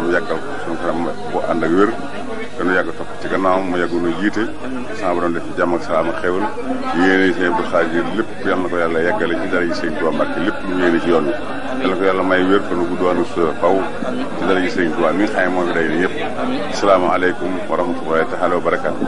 borom yàggal ko suñu kanam bu ànd ak wér dañu yàgg topp ci gannaawam mu yàgg nu jiite sama borom def ci jàmm ak salaam ak xéwal yéene sëñ Abdou Khadir lépp yal na ko yàlla yeggale ci dara yi sëñ Tuubaa ci yoon wi yal ko yàlla may wér fanu gudd wàllu sa faw ci dara yi sëñ Tuubaa mi nga xam ne moo fi day ne yëpp asalaamaaleykum wa rahmatullahi taala wa barakaatu